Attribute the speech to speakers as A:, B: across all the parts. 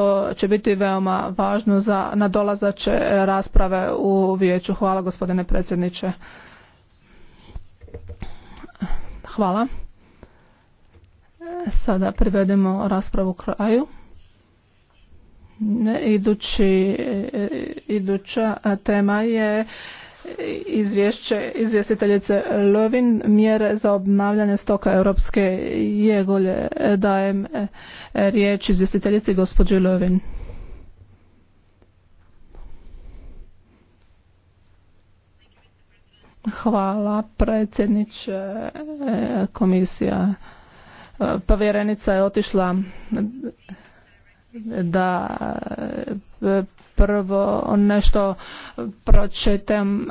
A: to će biti veoma važno za nadolazače rasprave u vijeću. Hvala gospodine predsjedniče. Hvala. Sada privedemo raspravu kraju. Idući, iduća tema je izvješće izvjestiteljice Lovin mjere za obnavljanje stoka europske jegolje dajem eh, riječ izvjestiteljici gospođi Lovin. Hvala predsjedniče eh, komisija. Eh, povjerenica je otišla da prvo nešto pročitam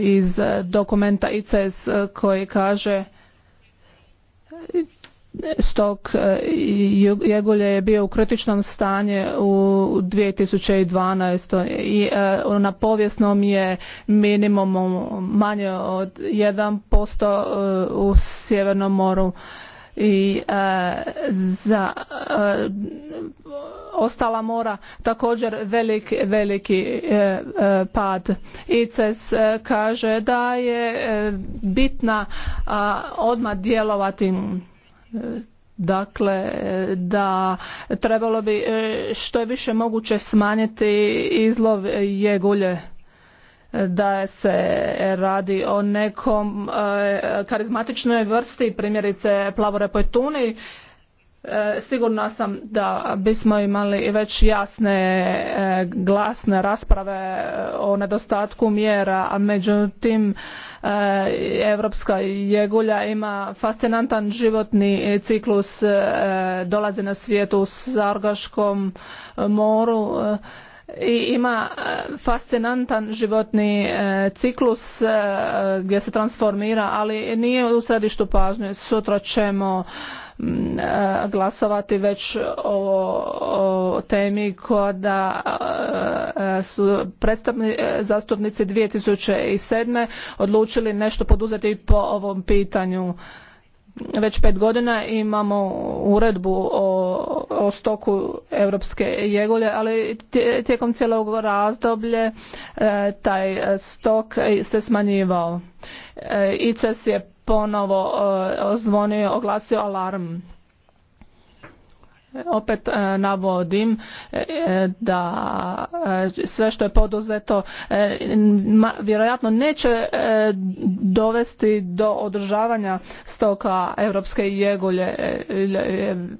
A: iz dokumenta ICES koji kaže stok e, jegulje je bio u kritičnom stanju u 2012. i e, na povijesnom je minimum manje od 1% e, u Sjevernom moru i e, za e, ostala mora također velik, veliki e, pad. ICES kaže da je bitna odmah djelovati Dakle, da trebalo bi što je više moguće smanjiti izlov jegulje da se radi o nekom e, karizmatičnoj vrsti, primjerice plavore pojtuni, e, sigurna sam da bismo imali već jasne e, glasne rasprave o nedostatku mjera a međutim europska jegulja ima fascinantan životni ciklus dolazi na svijetu s Argaškom moru i ima e, fascinantan životni e, ciklus e, gdje se transformira, ali nije u središtu pažnje. Sutra ćemo glasovati već o, o temi kada su zastupnici 2007. odlučili nešto poduzeti po ovom pitanju već pet godina imamo uredbu o, stoku europske jegulje, ali tijekom cijelog razdoblje e, taj stok se smanjivao. E, ICES je ponovo e, zvonio, oglasio alarm opet e, navodim e, da e, sve što je poduzeto vjerojatno neće dovesti do održavanja stoka europske jegulje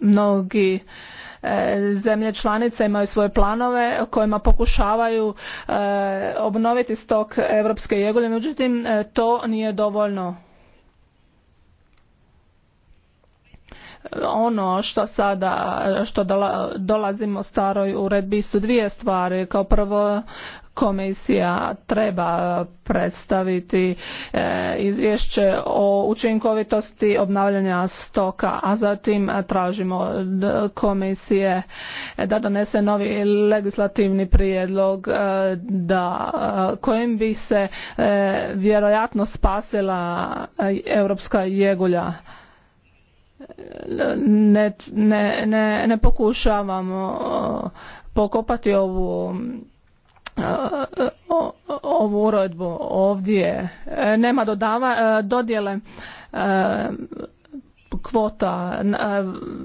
A: mnogi zemlje članice imaju svoje planove kojima pokušavaju obnoviti stok europske jegulje međutim to nije dovoljno ono što sada što dolazimo staroj uredbi su dvije stvari kao prvo komisija treba predstaviti e, izvješće o učinkovitosti obnavljanja stoka a zatim tražimo komisije da donese novi legislativni prijedlog e, da e, kojim bi se vjerojatno spasila europska jegulja ne, ne, ne, ne pokušavamo uh, pokopati ovu uh, ovu uredbu ovdje e, nema dodava, e, dodjele e, kvota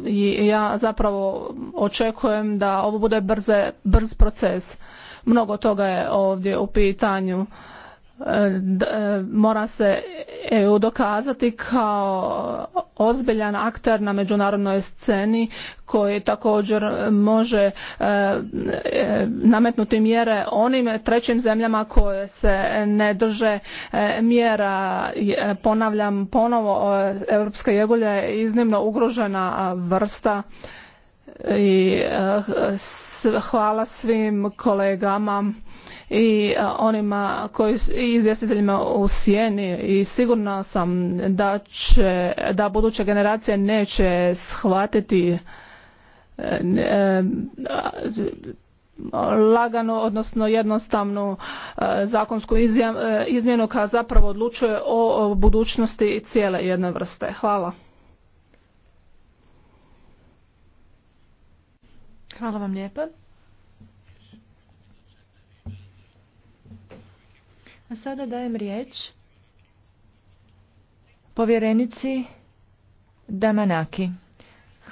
A: i ja zapravo očekujem da ovo bude brze, brz proces mnogo toga je ovdje u pitanju E, mora se EU dokazati kao ozbiljan akter na međunarodnoj sceni koji također može e, e, nametnuti mjere onim trećim zemljama koje se ne drže mjera. Ponavljam ponovo, europska jegulja je iznimno ugrožena vrsta i hvala svim kolegama i onima koji i izvjestiteljima u sjeni i sigurna sam da će da buduće generacije neće shvatiti e, e, lagano odnosno jednostavnu e, zakonsku izmjenu koja zapravo odlučuje o budućnosti cijele jedne vrste. Hvala.
B: Hvala vam lijepa. A sada dajem riječ povjerenici Damanaki.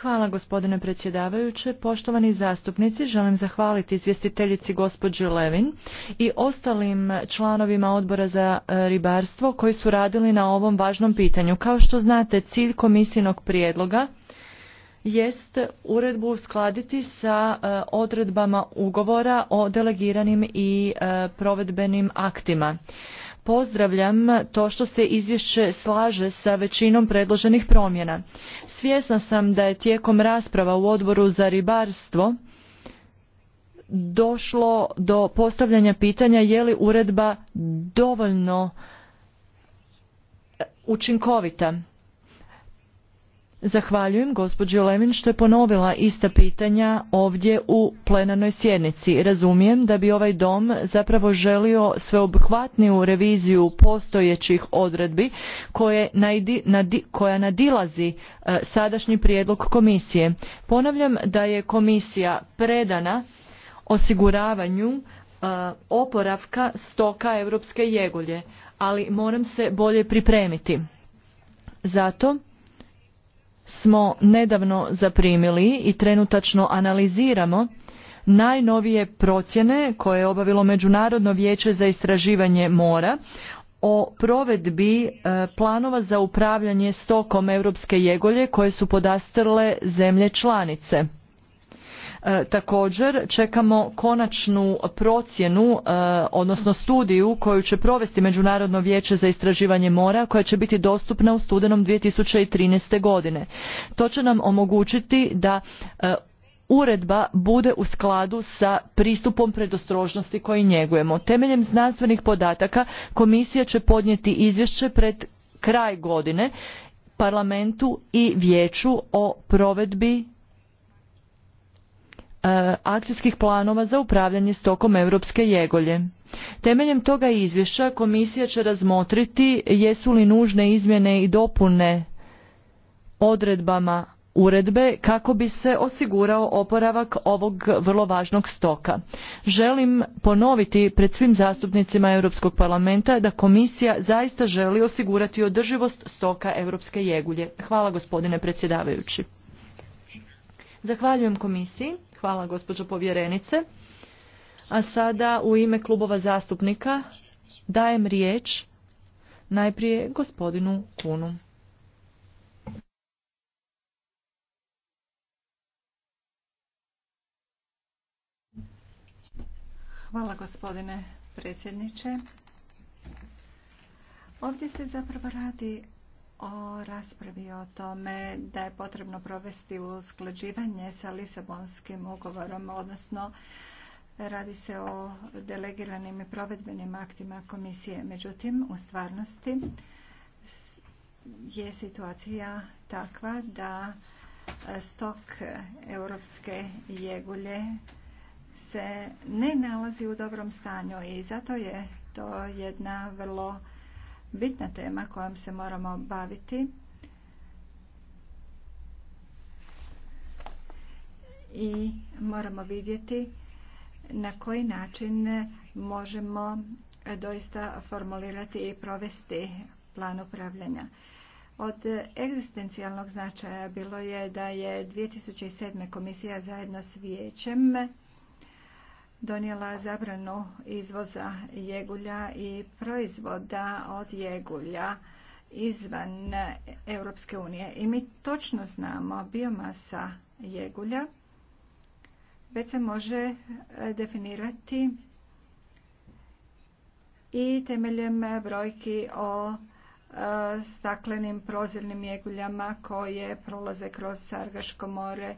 B: Hvala gospodine predsjedavajuće. Poštovani zastupnici, želim zahvaliti izvjestiteljici gospođi Levin i ostalim članovima odbora za e, ribarstvo koji su radili na ovom važnom pitanju. Kao što znate, cilj komisijnog prijedloga jest uredbu uskladiti sa e, odredbama ugovora o delegiranim i e, provedbenim aktima. Pozdravljam to što se izvješće slaže sa većinom predloženih promjena. Svjesna sam da je tijekom rasprava u odboru za ribarstvo došlo do postavljanja pitanja je li uredba dovoljno učinkovita Zahvaljujem gospođi Levin što je ponovila ista pitanja ovdje u plenarnoj sjednici. Razumijem da bi ovaj dom zapravo želio sveobuhvatniju reviziju postojećih odredbi koja nadilazi e, sadašnji prijedlog komisije. Ponavljam da je komisija predana osiguravanju e, oporavka stoka europske jegulje, ali moram se bolje pripremiti. Zato smo nedavno zaprimili i trenutačno analiziramo najnovije procjene koje je obavilo Međunarodno vijeće za istraživanje mora o provedbi e, planova za upravljanje stokom europske jegolje koje su podastrle zemlje članice. E, također čekamo konačnu procjenu, e, odnosno studiju koju će provesti Međunarodno vijeće za istraživanje mora koja će biti dostupna u studenom 2013. godine. To će nam omogućiti da e, uredba bude u skladu sa pristupom predostrožnosti koji njegujemo. Temeljem znanstvenih podataka komisija će podnijeti izvješće pred kraj godine parlamentu i vijeću o provedbi E, akcijskih planova za upravljanje stokom europske jegolje. Temeljem toga izvješća komisija će razmotriti jesu li nužne izmjene i dopune odredbama uredbe kako bi se osigurao oporavak ovog vrlo važnog stoka. Želim ponoviti pred svim zastupnicima Europskog parlamenta da komisija zaista želi osigurati održivost stoka europske jegulje. Hvala gospodine predsjedavajući. Zahvaljujem komisiji, hvala gospođo povjerenice. A sada u ime klubova zastupnika dajem riječ najprije gospodinu Kunu.
C: Hvala gospodine predsjedniče. Ovdje se zapravo radi o raspravi o tome da je potrebno provesti usklađivanje sa Lisabonskim ugovorom, odnosno radi se o delegiranim i provedbenim aktima komisije. Međutim, u stvarnosti je situacija takva da stok europske jegulje se ne nalazi u dobrom stanju i zato je to jedna vrlo bitna tema kojom se moramo baviti. I moramo vidjeti na koji način možemo doista formulirati i provesti plan upravljanja. Od egzistencijalnog značaja bilo je da je 2007. komisija zajedno s vijećem donijela zabranu izvoza jegulja i proizvoda od jegulja izvan Europske unije. I mi točno znamo biomasa jegulja već se može e, definirati i temeljem brojki o e, staklenim prozirnim jeguljama koje prolaze kroz Sargaško more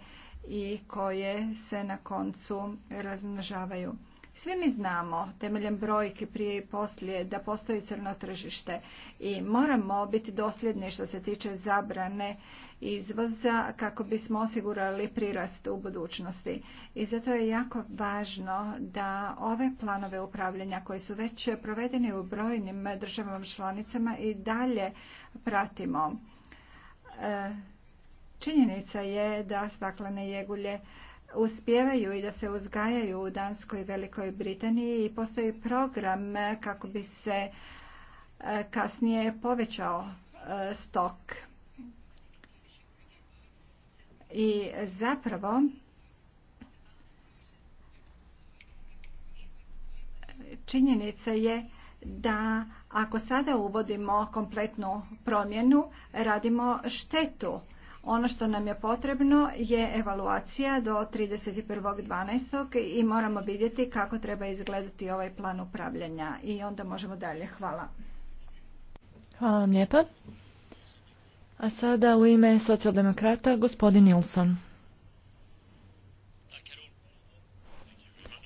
C: i koje se na koncu razmnožavaju. Svi mi znamo, temeljem brojke prije i poslije, da postoji crno tržište i moramo biti dosljedni što se tiče zabrane izvoza kako bismo osigurali prirast u budućnosti. I zato je jako važno da ove planove upravljanja koji su već provedeni u brojnim državama članicama i dalje pratimo. E, Činjenica je da staklene jegulje uspijevaju i da se uzgajaju u Danskoj i Velikoj Britaniji i postoji program kako bi se e, kasnije povećao e, stok. I zapravo činjenica je da ako sada uvodimo kompletnu promjenu radimo štetu ono što nam je potrebno je evaluacija do 31.12. i moramo vidjeti kako treba izgledati ovaj plan upravljanja i onda možemo dalje. Hvala.
B: Hvala vam lijepa. A sada u ime socijaldemokrata gospodin Nilsson.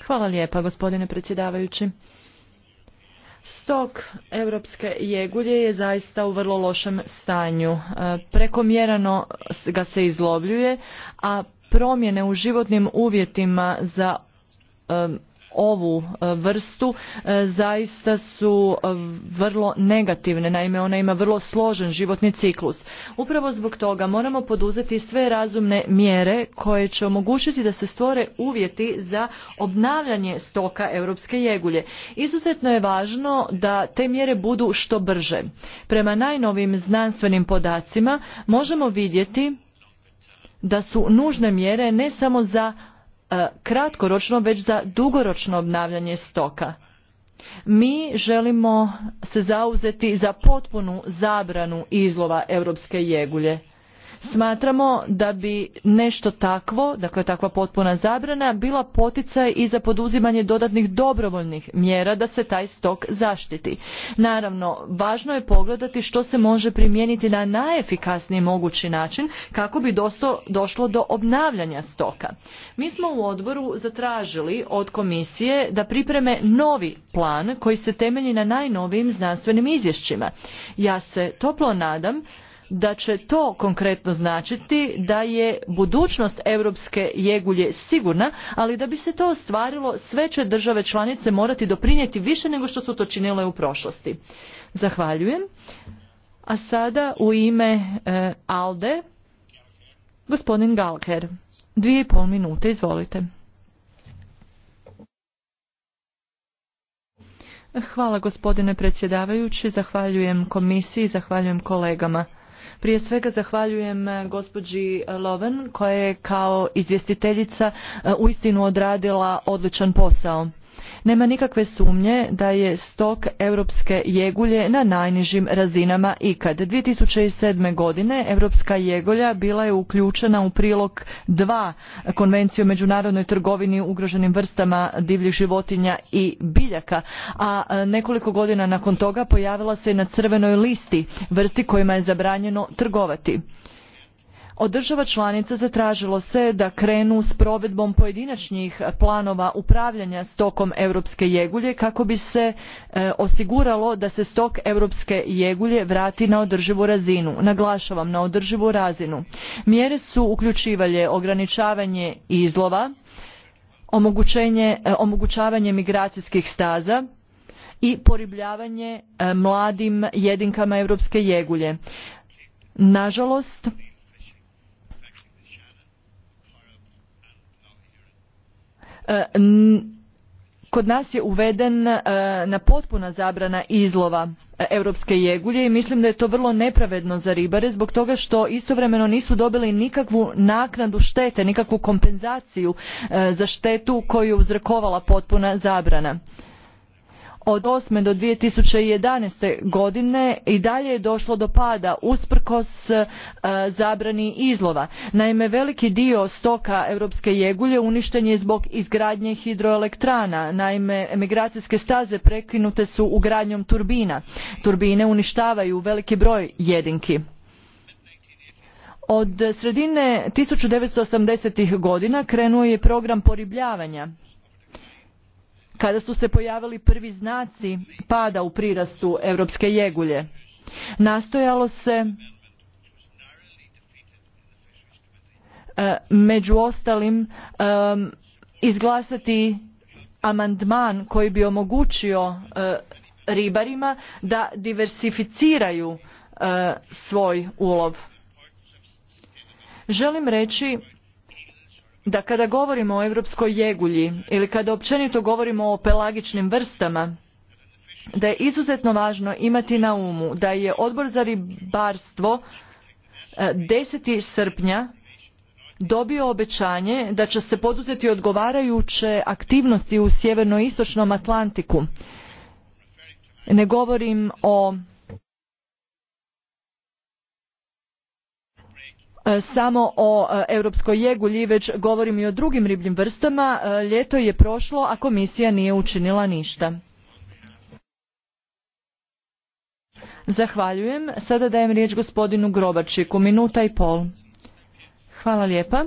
B: Hvala lijepa gospodine predsjedavajući. Stok europske jegulje je zaista u vrlo lošem stanju. E, prekomjerano ga se izlovljuje, a promjene u životnim uvjetima za e, ovu e, vrstu e, zaista su e, vrlo negativne. Naime, ona ima vrlo složen životni ciklus. Upravo zbog toga moramo poduzeti sve razumne mjere koje će omogućiti da se stvore uvjeti za obnavljanje stoka europske jegulje. Izuzetno je važno da te mjere budu što brže. Prema najnovim znanstvenim podacima možemo vidjeti da su nužne mjere ne samo za E, kratkoročno već za dugoročno obnavljanje stoka. Mi želimo se zauzeti za potpunu zabranu izlova europske jegulje Smatramo da bi nešto takvo, dakle takva potpuna zabrana, bila poticaj i za poduzimanje dodatnih dobrovoljnih mjera da se taj stok zaštiti. Naravno, važno je pogledati što se može primijeniti na najefikasniji mogući način kako bi došlo do obnavljanja stoka. Mi smo u odboru zatražili od komisije da pripreme novi plan koji se temelji na najnovijim znanstvenim izvješćima. Ja se toplo nadam da će to konkretno značiti da je budućnost europske jegulje sigurna, ali da bi se to ostvarilo sve će države članice morati doprinijeti više nego što su to činile u prošlosti. Zahvaljujem. A sada u ime e, ALDE gospodin Galker. Dvije i pol minute, izvolite. Hvala gospodine predsjedavajući, zahvaljujem komisiji, zahvaljujem kolegama. Prije svega zahvaljujem e, gospođi e, Loven koja je kao izvjestiteljica e, uistinu odradila odličan posao. Nema nikakve sumnje da je stok europske jegulje na najnižim razinama ikad. 2007. godine europska jegulja bila je uključena u prilog dva konvencije o međunarodnoj trgovini ugroženim vrstama divljih životinja i biljaka, a e, nekoliko godina nakon toga pojavila se na crvenoj listi vrsti kojima je zabranjeno trgovati. Od članica zatražilo se da krenu s provedbom pojedinačnih planova upravljanja stokom europske jegulje kako bi se e, osiguralo da se stok europske jegulje vrati na održivu razinu. Naglašavam na održivu razinu. Mjere su uključivalje ograničavanje izlova, e, omogućavanje migracijskih staza, i poribljavanje e, mladim jedinkama europske jegulje. Nažalost, E, kod nas je uveden e, na potpuna zabrana izlova e, europske jegulje i mislim da je to vrlo nepravedno za ribare zbog toga što istovremeno nisu dobili nikakvu naknadu štete nikakvu kompenzaciju za štetu koju je uzrokovala potpuna zabrana od 2008. do 2011. godine i dalje je došlo do pada usprkos e, zabrani izlova. Naime, veliki dio stoka europske jegulje uništen je zbog izgradnje hidroelektrana. Naime, migracijske staze prekinute su ugradnjom turbina. Turbine uništavaju veliki broj jedinki. Od sredine 1980. godina krenuo je program poribljavanja kada su se pojavili prvi znaci pada u prirastu europske jegulje. Nastojalo se e, među ostalim e, izglasati amandman koji bi omogućio e, ribarima da diversificiraju svoj ulov. Želim reći da kada govorimo o europskoj jegulji ili kada općenito govorimo o pelagičnim vrstama da je izuzetno važno imati na umu da je odbor za ribarstvo 10. E, srpnja dobio obećanje da će se poduzeti odgovarajuće aktivnosti u sjevernoistočnom Atlantiku. Ne govorim o E, samo o e, europskoj jegulji već govorim i o drugim ribljim vrstama e, ljeto je prošlo a komisija nije učinila ništa Zahvaljujem. Sada dajem riječ gospodinu Grobačiku. Minuta i pol. Hvala lijepa.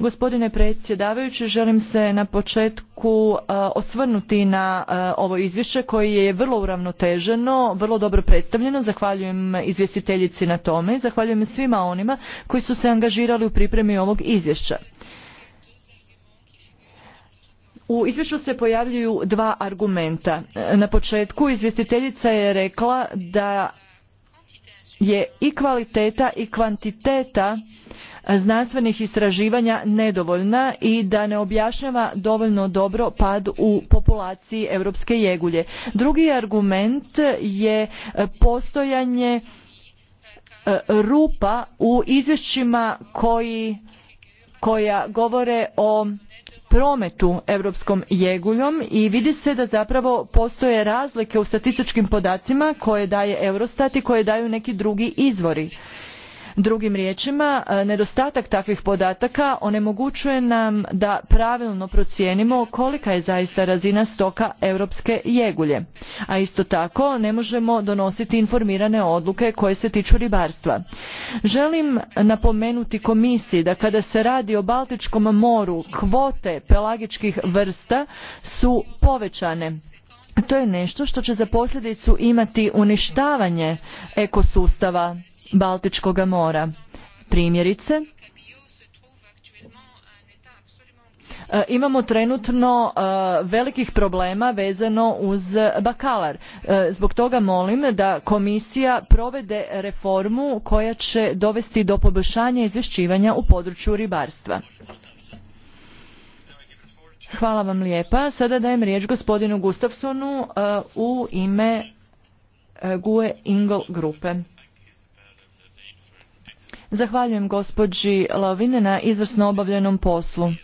B: Gospodine predsjedavajući, želim se na početku e, osvrnuti na e, ovo izvješće koje je vrlo uravnoteženo, vrlo dobro predstavljeno. Zahvaljujem izvjestiteljici na tome i zahvaljujem svima onima koji su se angažirali u pripremi ovog izvješća. U izvješću se pojavljuju dva argumenta. E, na početku izvjestiteljica je rekla da je i kvaliteta i kvantiteta znanstvenih istraživanja nedovoljna i da ne objašnjava dovoljno dobro pad u populaciji europske jegulje. Drugi argument je e, postojanje e, rupa u izvješćima koji, koja govore o prometu europskom jeguljom i vidi se da zapravo postoje razlike u statističkim podacima koje daje Eurostat i koje daju neki drugi izvori. Drugim riječima, e, nedostatak takvih podataka onemogućuje nam da pravilno procijenimo kolika je zaista razina stoka europske jegulje. A isto tako ne možemo donositi informirane odluke koje se tiču ribarstva. Želim napomenuti komisiji da kada se radi o Baltičkom moru kvote pelagičkih vrsta su povećane to je nešto što će za posljedicu imati uništavanje ekosustava Baltičkog mora. Primjerice, e, imamo trenutno e, velikih problema vezano uz bakalar. E, zbog toga molim da komisija provede reformu koja će dovesti do poboljšanja izvješćivanja u području ribarstva. Hvala vam lijepa. Sada dajem riječ gospodinu Gustafsonu e, u ime e, GUE ingle grupe. Zahvaljujem gospođi Lovine na izvrsno obavljenom poslu. E,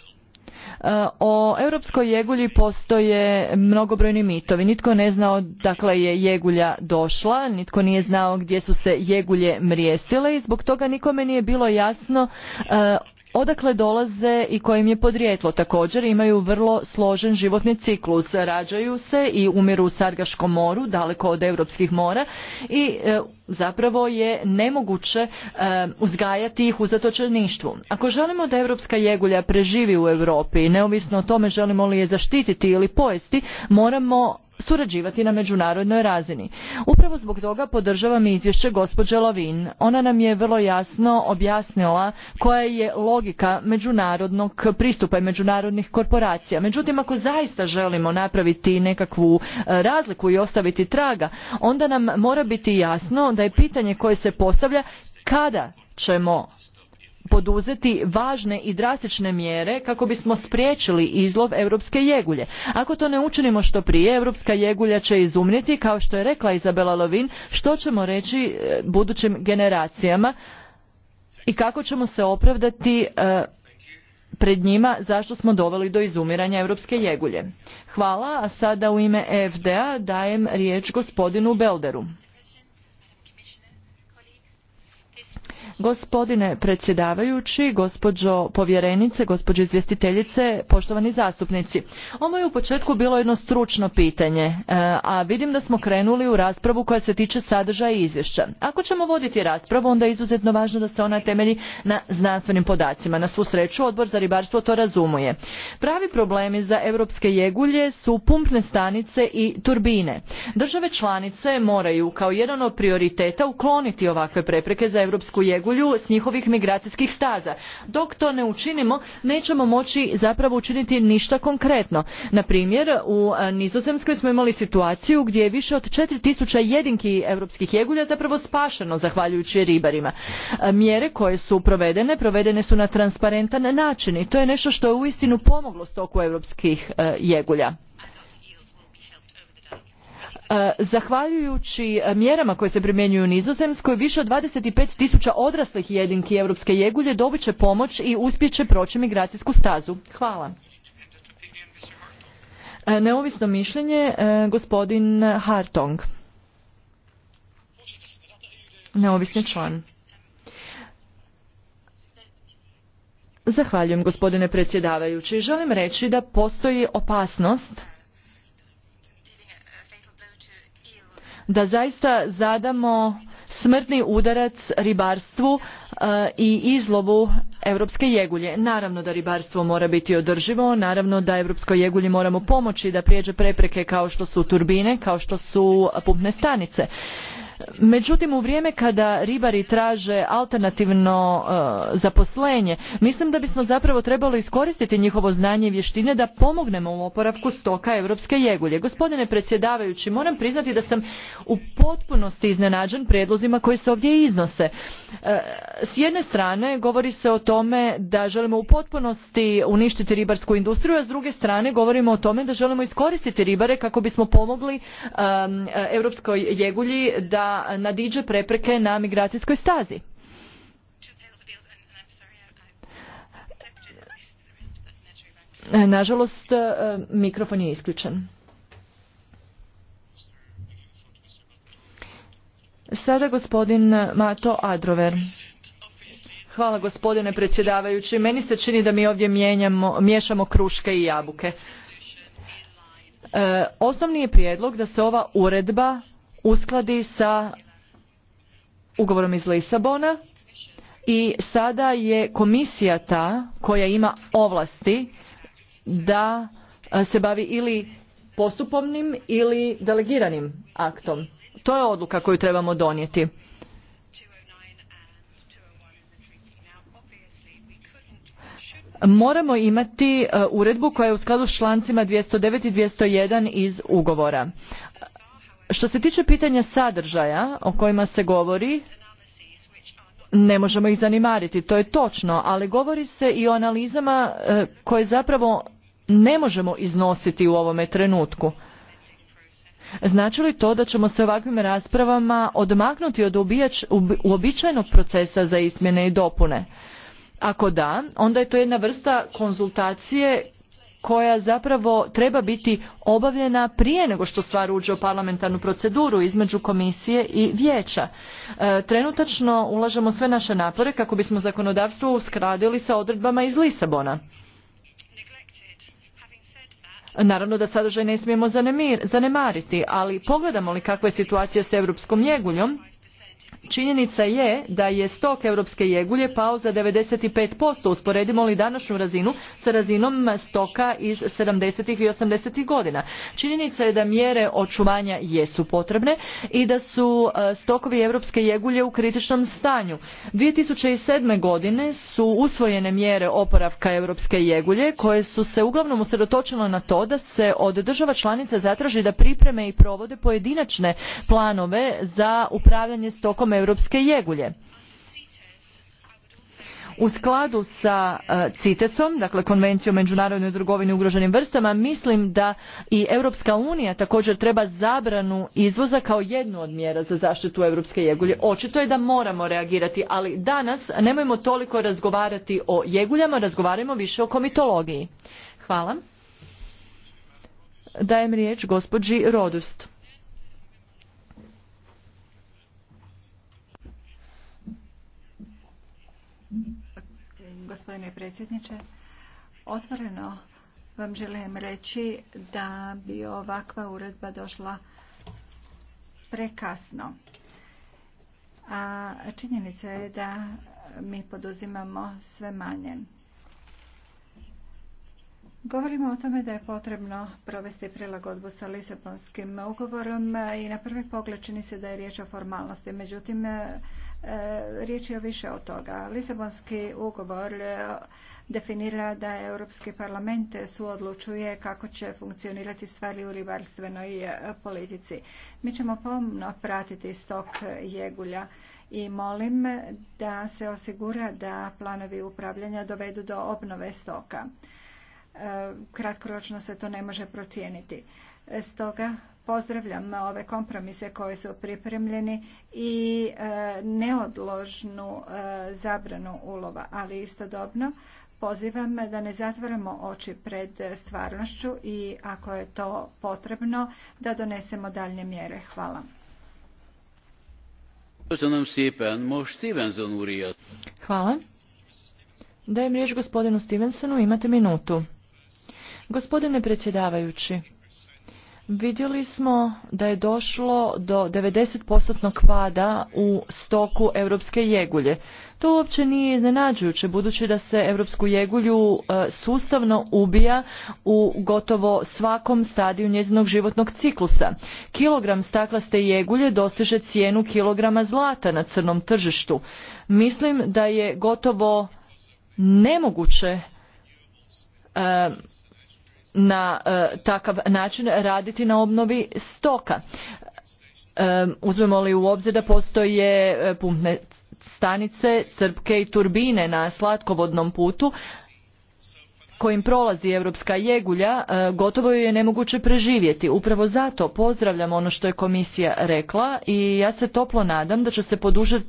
B: o europskoj jegulji postoje mnogobrojni mitovi. Nitko ne znao dakle je jegulja došla, nitko nije znao gdje su se jegulje mrijestile i zbog toga nikome nije bilo jasno odakle dolaze i kojim je podrijetlo. Također imaju vrlo složen životni ciklus. Rađaju se i umiru u Sargaškom moru, daleko od europskih mora i e, zapravo je nemoguće e, uzgajati ih u zatočeništvu. Ako želimo da europska jegulja preživi u Europi, neovisno o tome želimo li je zaštititi ili pojesti, moramo surađivati na međunarodnoj razini. Upravo zbog toga podržavam izvješće gospođe Lavin. Ona nam je vrlo jasno objasnila koja je logika međunarodnog pristupa i međunarodnih korporacija. Međutim, ako zaista želimo napraviti nekakvu e, razliku i ostaviti traga, onda nam mora biti jasno da je pitanje koje se postavlja kada ćemo poduzeti važne i drastične mjere kako bismo spriječili izlov europske jegulje. Ako to ne učinimo što prije, europska jegulja će izumrijeti, kao što je rekla Izabela Lovin, što ćemo reći e, budućim generacijama i kako ćemo se opravdati e, pred njima zašto smo doveli do izumiranja europske jegulje. Hvala, a sada u ime FDA dajem riječ gospodinu Belderu. Gospodine predsjedavajući, gospođo povjerenice, gospođo izvjestiteljice, poštovani zastupnici. Ovo je u početku bilo jedno stručno pitanje, e, a vidim da smo krenuli u raspravu koja se tiče sadržaja izvješća. Ako ćemo voditi raspravu, onda je izuzetno važno da se ona temelji na znanstvenim podacima. Na svu sreću, odbor za ribarstvo to razumuje. Pravi problemi za europske jegulje su pumpne stanice i turbine. Države članice moraju kao jedan od prioriteta ukloniti ovakve prepreke za europsku trgulju s njihovih migracijskih staza. Dok to ne učinimo, nećemo moći zapravo učiniti ništa konkretno. Na primjer, u e, Nizozemskoj smo imali situaciju gdje je više od 4000 jedinki europskih jegulja zapravo spašeno zahvaljujući ribarima. E, mjere koje su provedene, provedene su na transparentan način i to je nešto što je uistinu pomoglo stoku europskih e, jegulja. E, zahvaljujući e, mjerama koje se primjenjuju u Nizozemskoj, više od 25 tisuća odraslih jedinki europske jegulje dobit će pomoć i uspjeće proći migracijsku stazu. Hvala. E, neovisno mišljenje, gospodin Hartong. Neovisni član. Zahvaljujem gospodine predsjedavajući. Želim reći da postoji opasnost da zaista zadamo smrtni udarac ribarstvu e, i izlovu europske jegulje. Naravno da ribarstvo mora biti održivo, naravno da europskoj jegulji moramo pomoći da prijeđe prepreke kao što su turbine, kao što su pumpne stanice. Međutim, u vrijeme kada ribari traže alternativno e, zaposlenje, mislim da bismo zapravo trebali iskoristiti njihovo znanje i vještine da pomognemo u oporavku stoka europske jegulje. Gospodine predsjedavajući, moram priznati da sam u potpunosti iznenađen prijedlozima koji se ovdje iznose. E, s jedne strane govori se o tome da želimo u potpunosti uništiti ribarsku industriju, a s druge strane govorimo o tome da želimo iskoristiti ribare kako bismo pomogli evropskoj e, europskoj jegulji da nadiđe prepreke na migracijskoj stazi. Nažalost, e, mikrofon je isključen. Sada gospodin Mato Adrover. Hvala gospodine predsjedavajući. Meni se čini da mi ovdje mijenjamo, miješamo kruške i jabuke. E, osnovni je prijedlog da se ova uredba uskladi sa ugovorom iz Lisabona i sada je komisija ta koja ima ovlasti da se bavi ili postupovnim ili delegiranim aktom. To je odluka koju trebamo donijeti. Moramo imati uredbu koja je u skladu s člancima 209 i 201 iz ugovora. Što se tiče pitanja sadržaja o kojima se govori, ne možemo ih zanimariti, to je točno, ali govori se i o analizama e, koje zapravo ne možemo iznositi u ovome trenutku. Znači li to da ćemo se ovakvim raspravama odmaknuti od uobičajenog procesa za izmjene i dopune? Ako da, onda je to jedna vrsta konzultacije koja zapravo treba biti obavljena prije nego što stvar uđe u parlamentarnu proceduru između komisije i vijeća. E, trenutačno ulažemo sve naše napore kako bismo zakonodavstvo uskradili sa odredbama iz Lisabona. Naravno da sadržaj ne smijemo zanemariti, ali pogledamo li kakva je situacija s europskom njeguljom, Činjenica je da je stok europske jegulje pao za 95%, usporedimo li današnju razinu sa razinom stoka iz 70. i 80. godina. Činjenica je da mjere očuvanja jesu potrebne i da su e, stokovi europske jegulje u kritičnom stanju. 2007. godine su usvojene mjere oporavka europske jegulje koje su se uglavnom usredotočile na to da se od država članica zatraži da pripreme i provode pojedinačne planove za upravljanje stokom europske jegulje. U skladu sa e, CITESom, dakle Konvencijom o međunarodnoj trgovini ugroženim vrstama, mislim da i Europska unija također treba zabranu izvoza kao jednu od mjera za zaštitu europske jegulje. Očito je da moramo reagirati, ali danas nemojmo toliko razgovarati o jeguljama, razgovarajmo više o komitologiji. Hvala. Dajem riječ gospođi Rodust.
C: gospodine predsjedniče. Otvoreno vam želim reći da bi ovakva uredba došla prekasno. A činjenica je da mi poduzimamo sve manje. Govorimo o tome da je potrebno provesti prilagodbu sa Lisabonskim ugovorom i na prvi pogled čini se da je riječ o formalnosti. Međutim, Riječ je o više od toga. Lisabonski ugovor e, definira da Europski parlament suodlučuje kako će funkcionirati stvari u ribarstvenoj e, politici. Mi ćemo pomno pratiti stok jegulja i molim da se osigura da planovi upravljanja dovedu do obnove stoka. E, kratkoročno se to ne može procijeniti. Stoga Pozdravljam ove kompromise koji su pripremljeni i e, neodložnu e, zabranu ulova, ali istodobno pozivam da ne zatvaramo oči pred stvarnošću i ako je to potrebno da donesemo daljnje mjere. Hvala. Hvala.
B: Dajem riječ gospodinu Stevensonu, imate minutu. Gospodine predsjedavajući, Vidjeli smo da je došlo do 90% pada u stoku europske jegulje. To uopće nije iznenađujuće budući da se europsku jegulju e, sustavno ubija u gotovo svakom stadiju njezinog životnog ciklusa. Kilogram staklaste jegulje dostiže cijenu kilograma zlata na crnom tržištu. Mislim da je gotovo nemoguće e, na e, takav način raditi na obnovi stoka. E, uzmemo li u obzir da postoje e, pumpne stanice, crpke i turbine na slatkovodnom putu, kojim prolazi europska jegulja e, gotovo ju je nemoguće preživjeti. Upravo zato pozdravljam ono što je komisija rekla i ja se toplo nadam da će se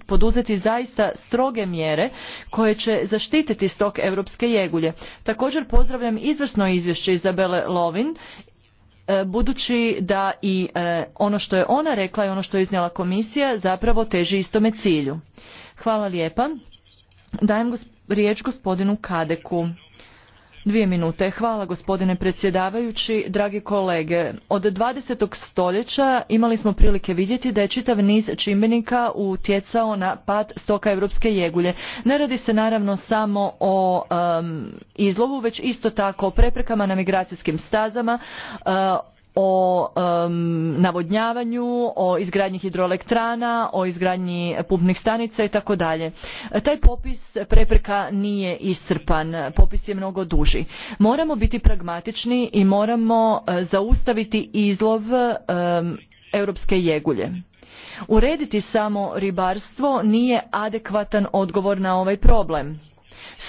B: poduzeti zaista stroge mjere koje će zaštititi stok europske jegulje. Također pozdravljam izvrsno izvješće Izabele Lovin e, budući da i e, ono što je ona rekla i ono što je iznijela komisija zapravo teži istome cilju. Hvala lijepa. Dajem riječ gospodinu Kadeku minute. Hvala gospodine predsjedavajući, dragi kolege. Od 20. stoljeća imali smo prilike vidjeti da je čitav niz čimbenika utjecao na pad stoka europske jegulje. Ne radi se naravno samo o izlovu, već isto tako o preprekama na migracijskim stazama, o navodnjavanju, o izgradnji hidroelektrana, o izgradnji pumpnih stanica i tako dalje. Taj popis prepreka nije iscrpan, popis je mnogo duži. Moramo biti pragmatični i moramo e, zaustaviti izlov europske jegulje. Urediti samo ribarstvo nije adekvatan odgovor na ovaj problem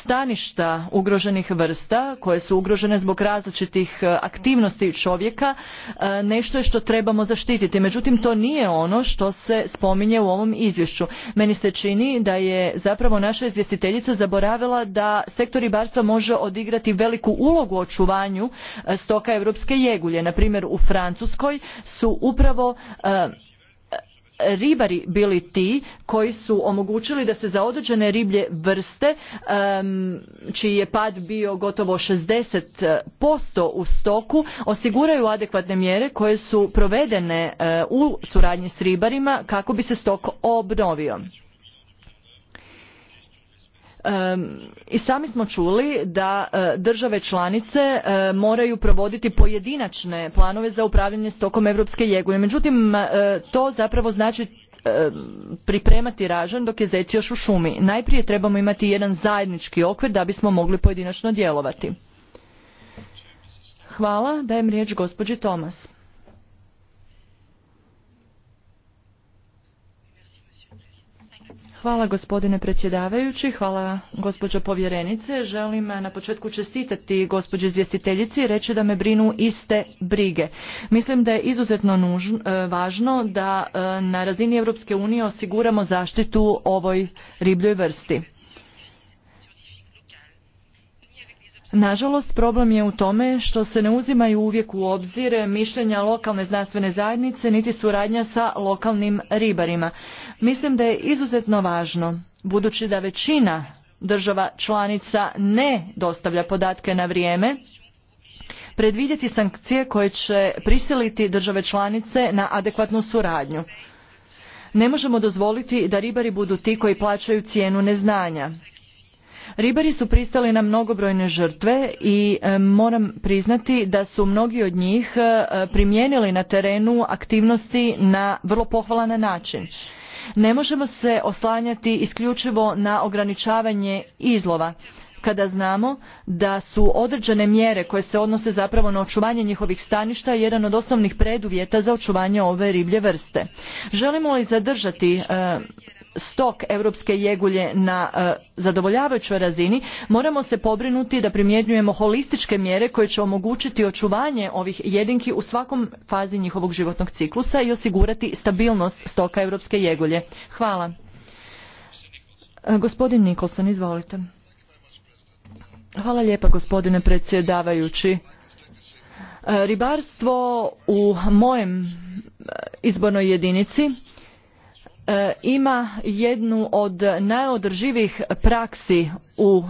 B: staništa ugroženih vrsta koje su ugrožene zbog različitih e, aktivnosti čovjeka e, nešto je što trebamo zaštititi. Međutim, to nije ono što se spominje u ovom izvješću. Meni se čini da je zapravo naša izvjestiteljica zaboravila da sektor ribarstva može odigrati veliku ulogu u očuvanju e, stoka europske jegulje. Na primjer, u Francuskoj su upravo ribari bili ti koji su omogućili da se za određene riblje vrste čiji je pad bio gotovo 60% u stoku osiguraju adekvatne mjere koje su provedene e, u suradnji s ribarima kako bi se stok obnovio i sami smo čuli da e, države članice e, moraju provoditi pojedinačne planove za upravljanje stokom europske jegulje međutim e, to zapravo znači pripremati ražan dok je zec još u šumi najprije trebamo imati jedan zajednički okvir da bismo mogli pojedinačno djelovati hvala dajem riječ gospođi tomas Hvala gospodine predsjedavajući, hvala gospođo povjerenice. Želim eh, na početku čestitati gospođi izvjestiteljici i reći da me brinu iste brige. Mislim da je izuzetno eh, važno da eh, na razini Europske unije osiguramo zaštitu ovoj ribljoj vrsti. Nažalost, problem je u tome što se ne uzimaju uvijek u obzir mišljenja lokalne znanstvene zajednice niti suradnja sa lokalnim ribarima. Mislim da je izuzetno važno, budući da većina država članica ne dostavlja podatke na vrijeme, predvidjeti sankcije koje će prisiliti države članice na adekvatnu suradnju. Ne možemo dozvoliti da ribari budu ti koji plaćaju cijenu neznanja. Ribari su pristali na mnogobrojne žrtve i e, moram priznati da su mnogi od njih e, primijenili na terenu aktivnosti na vrlo pohvalan način. Ne možemo se oslanjati isključivo na ograničavanje izlova kada znamo da su određene mjere koje se odnose zapravo na očuvanje njihovih staništa jedan od osnovnih preduvjeta za očuvanje ove riblje vrste. Želimo li zadržati e, stok europske jegulje na e, zadovoljavajućoj razini moramo se pobrinuti da primjenjujemo holističke mjere koje će omogućiti očuvanje ovih jedinki u svakom fazi njihovog životnog ciklusa i osigurati stabilnost stoka europske jegulje. Hvala. E, gospodin izvolite. Hvala lijepa gospodine predsjedavajući. E, ribarstvo u mojem izbornoj jedinici E, ima jednu od najodrživijih praksi u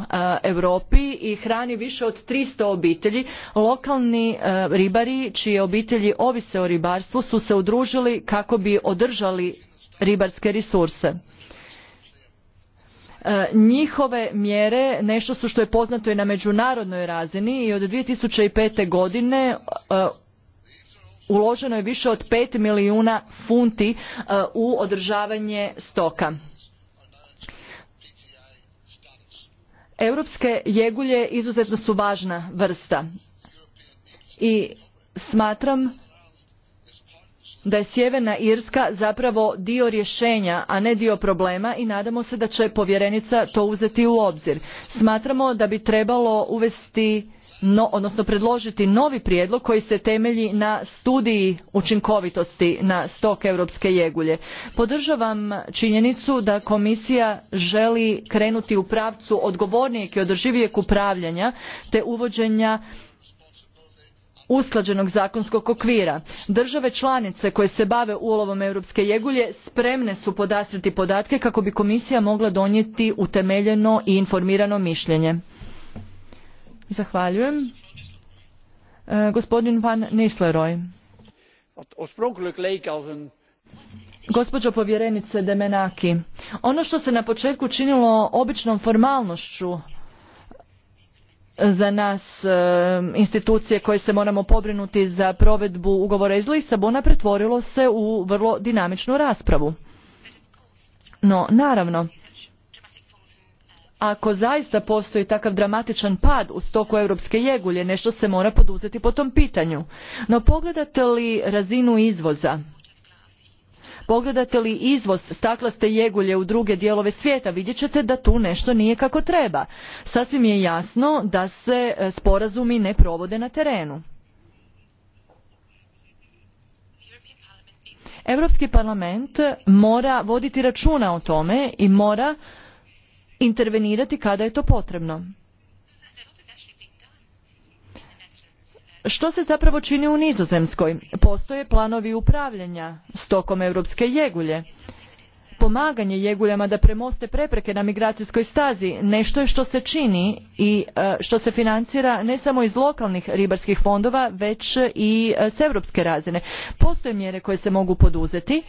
B: e, Europi i hrani više od 300 obitelji. Lokalni e, ribari čije obitelji ovise o ribarstvu su se udružili kako bi održali ribarske resurse njihove mjere nešto su što je poznato i na međunarodnoj razini i od 2005. godine uloženo je više od 5 milijuna funti e, u održavanje stoka. Europske jegulje izuzetno su važna vrsta i smatram da je sjeverna irska zapravo dio rješenja a ne dio problema i nadamo se da će povjerenica to uzeti u obzir smatramo da bi trebalo uvesti odnosno predložiti novi prijedlog koji se temelji na studiji učinkovitosti na stok europske jegulje podržavam činjenicu da komisija želi krenuti u pravcu odgovornijeg i održivijeg upravljanja te uvođenja usklađenog zakonskog okvira. Države članice koje se bave ulovom europske jegulje spremne su podastriti podatke kako bi komisija mogla donijeti utemeljeno i informirano mišljenje. Zahvaljujem. E, gospodin Van Nisleroy. Gospođo povjerenice Demenaki, ono što se na početku činilo običnom formalnošću, za nas e, institucije koje se moramo pobrinuti za provedbu ugovora iz Lisabona pretvorilo se u vrlo dinamičnu raspravu. No, naravno, ako zaista postoji takav dramatičan pad u stoku europske jegulje, nešto se mora poduzeti po tom pitanju. No pogledate li razinu izvoza Pogledate li izvoz staklaste jegulje u druge dijelove svijeta, vidjet ćete da tu nešto nije kako treba. Sasvim je jasno da se e, sporazumi ne provode na terenu. Europski parlament mora voditi računa o tome i mora intervenirati kada je to potrebno. Što se zapravo čini u Nizozemskoj? Postoje planovi upravljanja stokom europske jegulje. Pomaganje jeguljama da premoste prepreke na migracijskoj stazi nešto je što se čini i e, što se financira ne samo iz lokalnih ribarskih fondova već i e, s europske razine. Postoje mjere koje se mogu poduzeti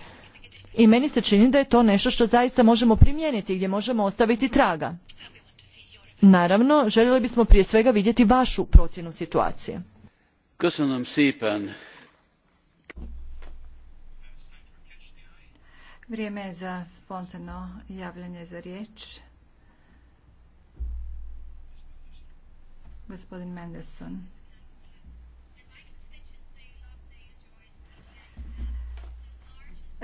B: i meni se čini da je to nešto što zaista možemo primijeniti gdje možemo ostaviti traga. Naravno, željeli bismo prije svega vidjeti vašu procjenu situacije.
C: Vrijeme je za spontano javljanje za riječ. Gospodin Mendelson.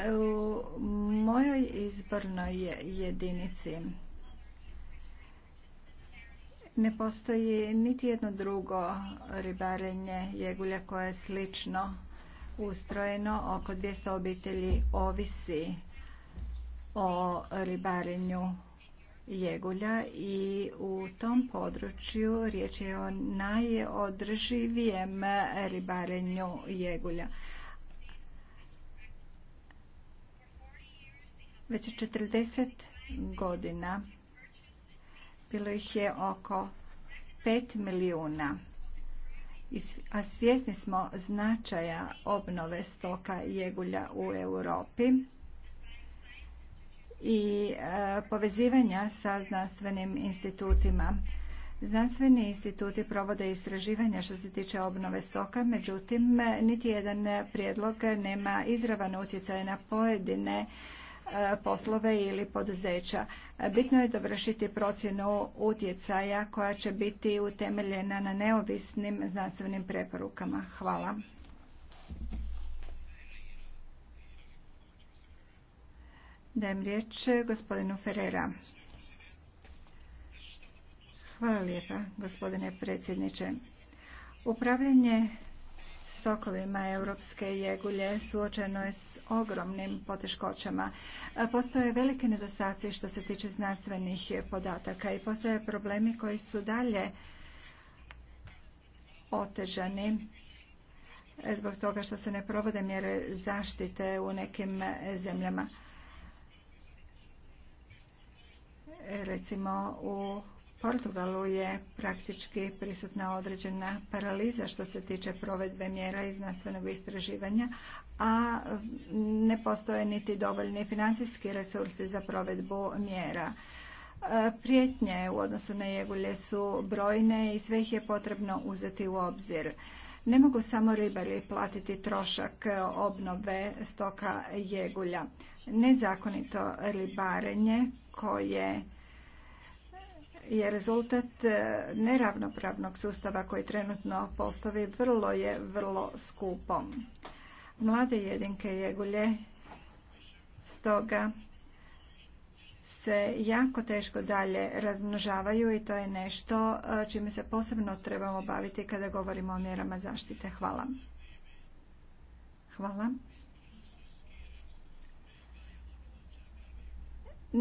C: U mojoj izbornoj jedinici ne postoji niti jedno drugo ribarenje jegulja koje je slično ustrojeno. Oko 200 obitelji ovisi o ribarenju jegulja i u tom području riječ je o najodrživijem ribarenju jegulja. Već 40 godina bilo ih je oko 5 milijuna. A svjesni smo značaja obnove stoka jegulja u Europi i e, povezivanja sa znanstvenim institutima. Znanstveni instituti provode istraživanja što se tiče obnove stoka, međutim, niti jedan prijedlog nema izravan utjecaj na pojedine E, poslove ili poduzeća. Bitno je dovršiti procjenu utjecaja koja će biti utemeljena na neovisnim znanstvenim preporukama. Hvala. Dajem riječ gospodinu Ferreira. Hvala lijepa, gospodine predsjedniče. Upravljanje stokovima europske jegulje suočeno je s ogromnim poteškoćama. Postoje velike nedostaci što se tiče znanstvenih podataka i postoje problemi koji su dalje otežani zbog toga što se ne provode mjere zaštite u nekim zemljama. Recimo u Portugalu je praktički prisutna određena paraliza što se tiče provedbe mjera i znanstvenog istraživanja, a ne postoje niti dovoljni financijski resursi za provedbu mjera. E, prijetnje u odnosu na jegulje su brojne i sve ih je potrebno uzeti u obzir. Ne mogu samo ribari platiti trošak obnove stoka jegulja. Nezakonito ribarenje koje je rezultat e, neravnopravnog sustava koji trenutno postoji vrlo je vrlo skupo. Mlade jedinke jegulje stoga se jako teško dalje razmnožavaju i to je nešto e, čime se posebno trebamo baviti kada govorimo o mjerama zaštite. Hvala. Hvala.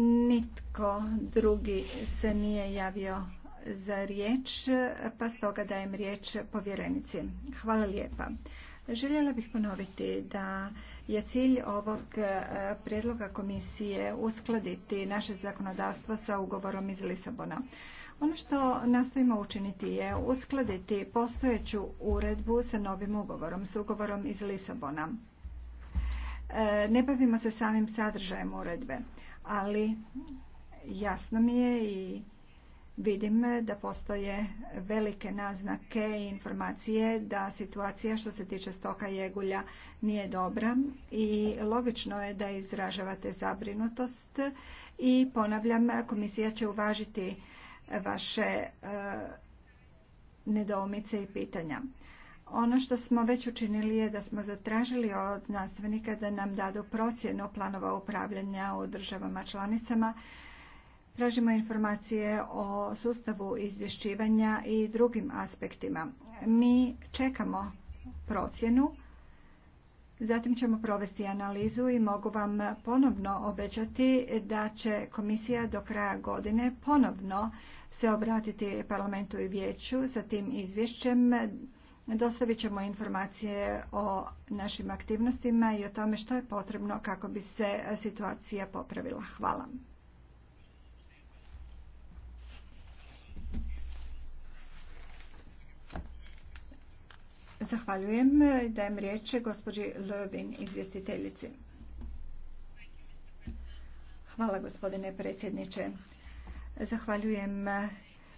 C: Nitko drugi se nije javio za riječ, pa stoga dajem riječ povjerenici. Hvala lijepa. Željela bih ponoviti da je cilj ovog e, prijedloga komisije uskladiti naše zakonodavstvo sa ugovorom iz Lisabona. Ono što nastojimo učiniti je uskladiti postojeću uredbu sa novim ugovorom, s ugovorom iz Lisabona. E, ne bavimo se samim sadržajem uredbe ali jasno mi je i vidim da postoje velike naznake i informacije da situacija što se tiče stoka jegulja nije dobra i logično je da izražavate zabrinutost i ponavljam komisija će uvažiti vaše eh, nedoumice i pitanja. Ono što smo već učinili je da smo zatražili od znanstvenika da nam dadu procjenu planova upravljanja u državama članicama. Tražimo informacije o sustavu izvješćivanja i drugim aspektima. Mi čekamo procjenu, zatim ćemo provesti analizu i mogu vam ponovno obećati da će komisija do kraja godine ponovno se obratiti parlamentu i vijeću sa tim izvješćem Dostavit ćemo informacije o našim aktivnostima i o tome što je potrebno kako bi se situacija popravila. Hvala. Zahvaljujem. Dajem riječ gospođi Lövin, izvjestiteljici. Hvala gospodine predsjedniče. Zahvaljujem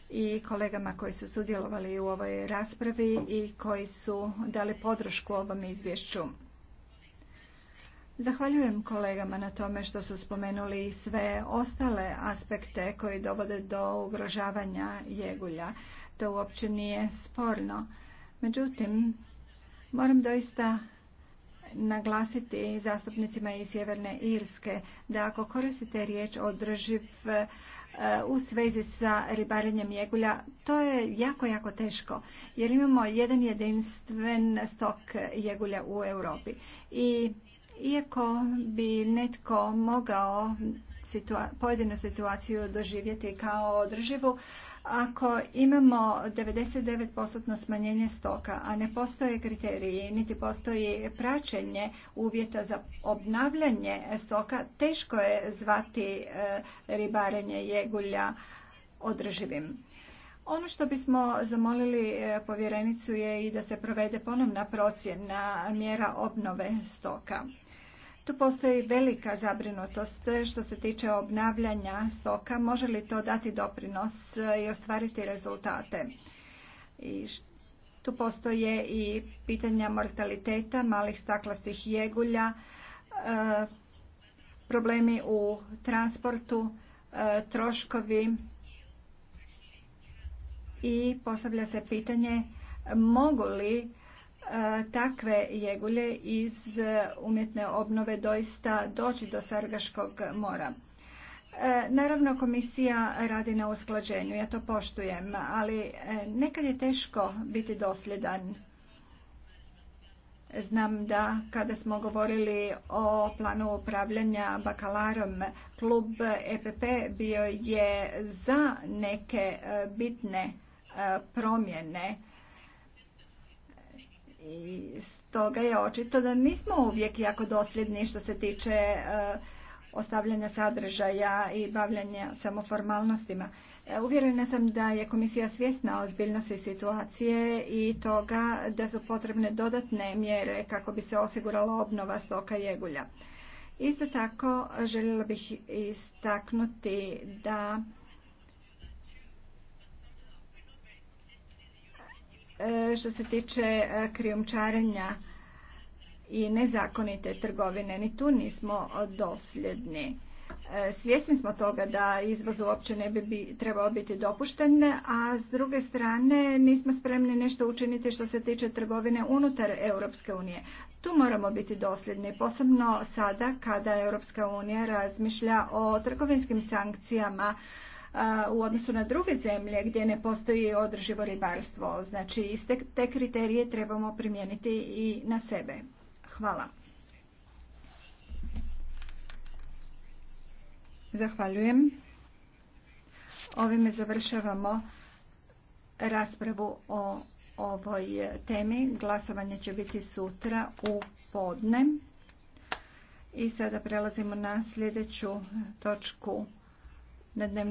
C: i kolegama koji su sudjelovali u ovoj raspravi i koji su dali podršku ovom izvješću. Zahvaljujem kolegama na tome što su spomenuli sve ostale aspekte koji dovode do ugrožavanja jegulja. To uopće nije sporno. Međutim, moram doista naglasiti zastupnicima iz Sjeverne Irske da ako koristite riječ održiv u svezi sa ribarenjem jegulja, to je jako, jako teško jer imamo jedan jedinstven stok jegulja u Europi. I iako bi netko mogao pojedinu situaciju doživjeti kao održivu, ako imamo 99% smanjenje stoka, a ne postoje kriteriji, niti postoji praćenje uvjeta za obnavljanje stoka, teško je zvati e, ribarenje jegulja održivim. Ono što bismo zamolili e, povjerenicu je i da se provede ponovna procjena mjera obnove stoka. Tu postoji velika zabrinutost što se tiče obnavljanja stoka. Može li to dati doprinos e, i ostvariti rezultate? tu postoje i pitanja mortaliteta, malih staklastih jegulja, e, problemi u transportu, e, troškovi i postavlja se pitanje mogu li E, takve jegulje iz e, umjetne obnove doista doći do Sargaškog mora. E, naravno, komisija radi na usklađenju, ja to poštujem, ali nekad je teško biti dosljedan. Znam da kada smo govorili o planu upravljanja bakalarom, klub EPP bio je za neke bitne promjene i stoga je očito da nismo uvijek jako dosljedni što se tiče e, ostavljanja sadržaja i bavljanja samoformalnostima. E, uvjerena sam da je komisija svjesna ozbiljnosti situacije i toga da su potrebne dodatne mjere kako bi se osigurala obnova stoka jegulja. Isto tako željela bih istaknuti da E, što se tiče e, krijumčarenja i nezakonite trgovine. Ni tu nismo dosljedni. E, svjesni smo toga da izvoz uopće ne bi trebao biti dopušten, a s druge strane nismo spremni nešto učiniti što se tiče trgovine unutar Europske unije. Tu moramo biti dosljedni, posebno sada kada Europska unija razmišlja o trgovinskim sankcijama u odnosu na druge zemlje gdje ne postoji održivo ribarstvo. Znači, iste te kriterije trebamo primijeniti i na sebe. Hvala. Zahvaljujem. Ovime završavamo raspravu o ovoj temi. Glasovanje će biti sutra u podne. I sada prelazimo na sljedeću točku na dnevnom